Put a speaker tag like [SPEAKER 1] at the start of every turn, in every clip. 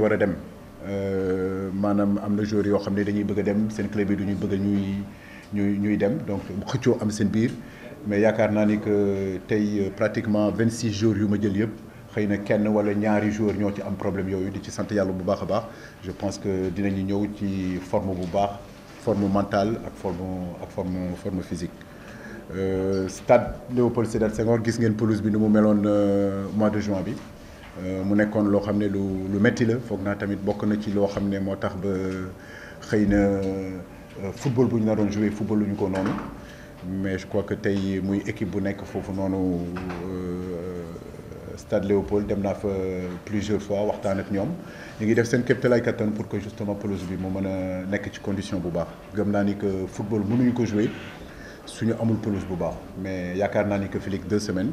[SPEAKER 1] ñu war a dem euh, maanaam am na joueurs yoo xam ne dañuy bëgg a dem seen club yi du ñu bëgg a ñuy ñuy ñuy dem donc xëccoo am seen biir mais yaakaar naa ni que tey euh, pratiquement 26 jours yu ma jël yëpp xëy na kenn wala ñaari joueurs ñoo ci am problème yooyu di ci sant yàlla bu baax a baax je pense que dinañu ñëw ci forme bu baax forme mentale ak forme ak forme forme physique. Euh, stade Léopold Sédar Senghor gis ngeen pelouse bi nu mu meloon euh, mois de juin bi. Euh, mu nekkoon loo xam ne lu lu métti la foog naa tamit bokk na ci loo xam ne moo tax ba xëy na euh, football bu ñu na doon joué football lu ñu ko noonu mais je crois que tey muy équipe bu nekk foofu noonu euh, stade Léopold dem naa fa plusieurs fois waxtaan ak ñoom ñu ngi def seen kéemtalaay kattan pour que justement pelouse bi mu mën a nekk ci condition bu baax gëm naa ni que football mënuñu ko joué suñu amul pelouse bu baax mais yaakaar naa ni que fii deux semaines.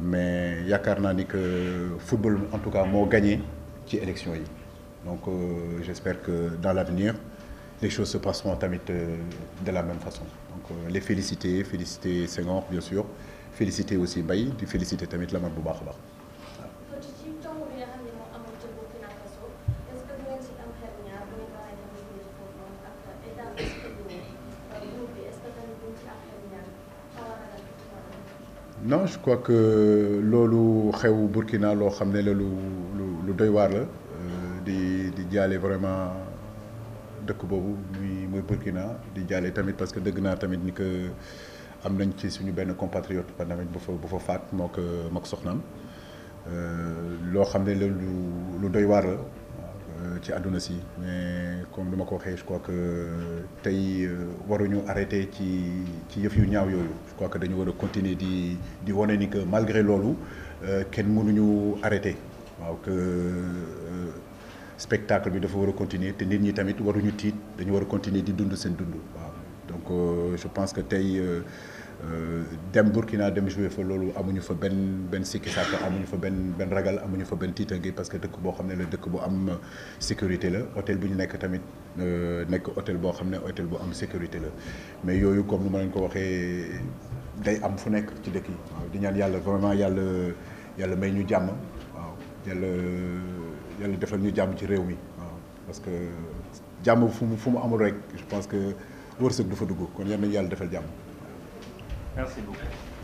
[SPEAKER 1] mais y a ni que football en tout cas m'a gagné ci élection donc euh, j'espère que dans l'avenir les choses se passeront tamit euh, de la même façon donc euh, les féliciter féliciter Senghor bien sûr féliciter aussi Baï, félicité féliciter tamit Lamar bu non je crois que l'olou xew Burkina loo xam ne la lu lu doy waar la euh, di di jaale vraiment dëkk boobu muy Burkina di jaale tamit parce que dëgg naa tamit ni que am nañ ci suñu benn compatriote pandamit bu fa bu fa faat moo ko moo ko soxnaam euh, loo xam ne la lu lu doy la euh, ci si mais comme je crois que nous euh, euh, waruñu arrêté ci je crois que dañu continuer di di ni que malgré lolu ken mënuñu que spectacle bi continuer nit tamit continuer di donc je pense que euh, dem Burkina dem jouer fa lolou amuñu fa ben ben sikki sàkk amuñu fa ben ben ragal amuñu fa benn tiitange parce que dëkk bo xamné le la dëkk bu am euh, sécurité la hôtel buñu nek nekk tamit euh, nek hôtel bo xamné hôtel bu am sécurité la mais yoyu comme nu ma len ko waxé day am fu nek ci dëkk yi di ñaan yalla vraiment yalla yalla may ñu jamm waaw yàlla yàlla defal ñu jamm ci réew mi waaw parce que jamm fu mu amul rek je pense que wërsëg du fa dugg kon yal nañu yàlla defal jàmm Merci beaucoup.